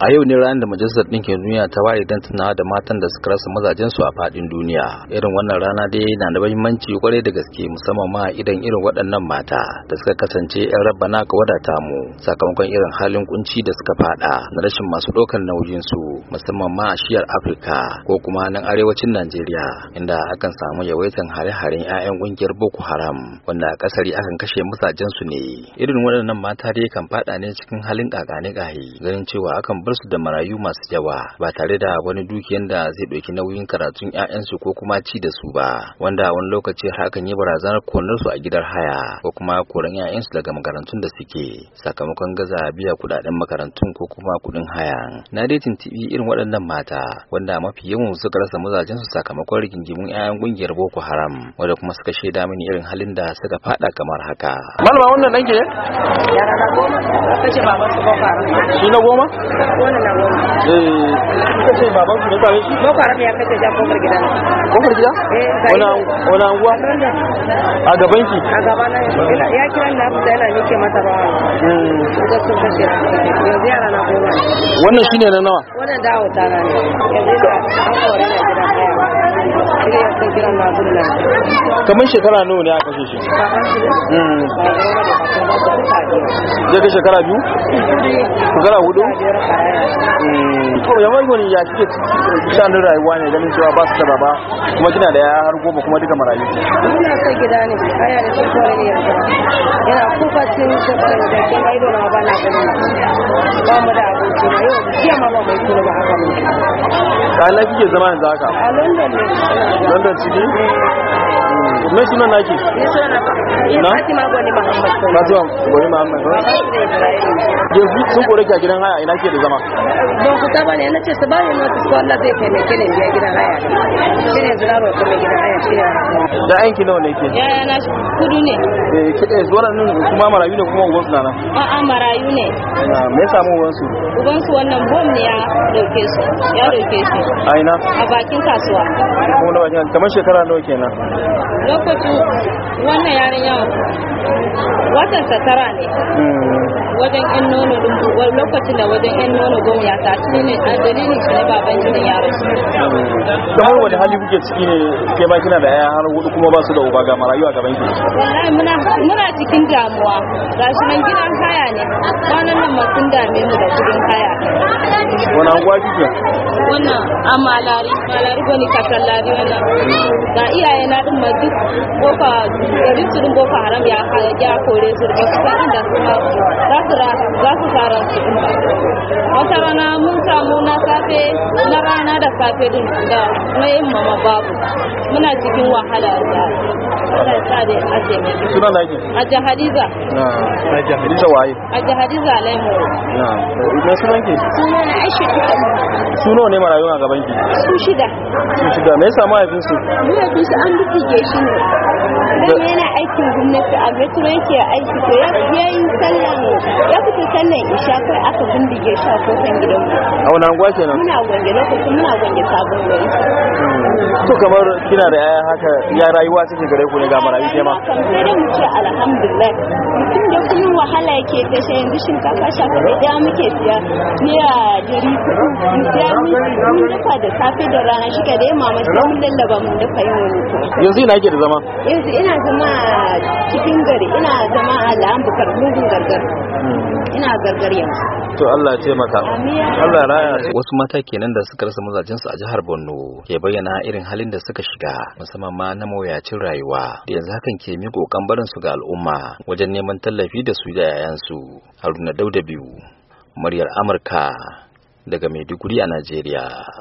a yau ne ranar da majalisar ɗinkin duniya ta ware don tunawa da matan da suka rasa mazajensu a faɗin duniya irin wannan rana dai na da muhimmanci kwarai da gaske musamman ma idan irin waɗannan mata da suka kasance yan rabba na ka wadata mu sakamakon irin halin kunci da suka faɗa na rashin masu ɗaukar nauyin su musamman ma a shiyar afirka ko kuma nan arewacin najeriya inda akan samu yawaitan hare-haren 'ya'yan ƙungiyar boko haram wanda a kasari akan kashe su ne irin waɗannan mata dai kan faɗa ne cikin halin ƙaƙane gahi ganin cewa akan bar su da marayu masu yawa ba tare da wani dukiyan da zai ɗauki nauyin karatun 'ya'yansu ko kuma ci da su ba wanda wani lokaci hakan yi barazanar konar su a gidar haya ko kuma koran 'ya'yansu daga makarantun da suke sakamakon gaza biya kuɗaɗen makarantun ko kuma kuɗin haya na dai tuntuɓi irin waɗannan mata wanda mafi yawan suka rasa mazajensu sakamakon rigingimun 'ya'yan ƙungiyar boko haram wanda kuma suka shaida mini irin halin da suka faɗa kamar haka. Malama wannan ɗan ke? Yara na goma. Kace baban su boko haram. Shi na goma? eh ba boko haram ya kace ja kofar gida kofar gida anguwa a gaban ki a gaba na ya kira na fita yana nike masa ba wa. yanzu yara na goma wannan shine na nawa wannan dawo ta na ne yanzu an kore na gida kaya sai ya san kiran na kamar shekara nawa ne aka shi hmm. zai kai shekara biyu shekara hudu hmm. yawon gwani ya ke shanin rayuwa ne ganin cewa ba su taba ba kuma kina da ya har goma kuma duka marayu ta lafi ke zama yanzu haka a london ne london city eh. me suna naki na fatima gwani muhammad gwani muhammad yanzu sun kore ki a gidan haya ina ke da zama don ku ta bane nace su bani notice ko Allah zai taimake ni biya gidan haya shine yanzu na roƙo mai gidan haya shine da aiki nawa ne ke ya na kudu ne eh kide eh, wannan kuma marayu ne kuma uwansu nana a a marayu ne me yasa mu uwansu uwansu wannan bom ne ya dauke su ya dauke su a ina a bakin kasuwa kuma na bakin kamar shekara nawa kenan lokacin wannan yarinya yawa watan satara ne wajen yan nono lokacin da wajen yan nono goma ya tuni ne a dalilin shi ne baban shi ne kamar wani hali kuke ciki ne ke ba kina da yaya har hudu kuma ba su da uba ga marayu a gaban ki muna muna cikin damuwa gashi nan gidan haya ne kwanan nan ma sun dame mu da cikin haya wani anguwa kike wannan a malari malari bane kasallari wannan ga iyaye na din ma duk boka garin su din boka haram ya ya kore su ba su san inda su ma za su za su fara su wata rana mun samu na safe na rana da safe din da mai mama babu muna cikin wahala da Allah ya sa a taimaki suna lagi a jahadiza na a jahadiza waye a jahadiza laimo na ina sunan ki suna na aisha suno ne marayu a gaban ki su shida su shida me yasa mahaifin su mahaifin su an dubbe shi ne dan yana aikin gwamnati a metro yake aiki to ya yi sallah ya fita sallah isha kai aka bindige shi a kofar gidan a wani anguwa kenan muna gwange lokacin muna gwange sabon gari hmm. to kamar kina da yaya haka ya rayuwa take gare ku ne ga marayu ke ma sai dai mu ce alhamdulillah mutum da kullum wahala yake kashe yanzu shinkafa shafa da ya muke siya naira dari mu siya mun dafa da safe da rana shi ka dai mama sai mun lallaba mun dafa yin wani yanzu ina ke da zama yanzu ina zama cikin gari ina Allah an bukar mugun gargar ina gargar yanzu to Allah ya taimaka Allah raya wasu mata kenan da suka rasa mazajen su a jihar Borno ke bayyana irin halin da suka shiga musamman ma na mawuyacin rayuwa da yanzu hakan ke mi kokan barin su ga al'umma wajen neman tallafi da su da yayan su Haruna Dauda biyu muryar Amurka daga Maiduguri a Najeriya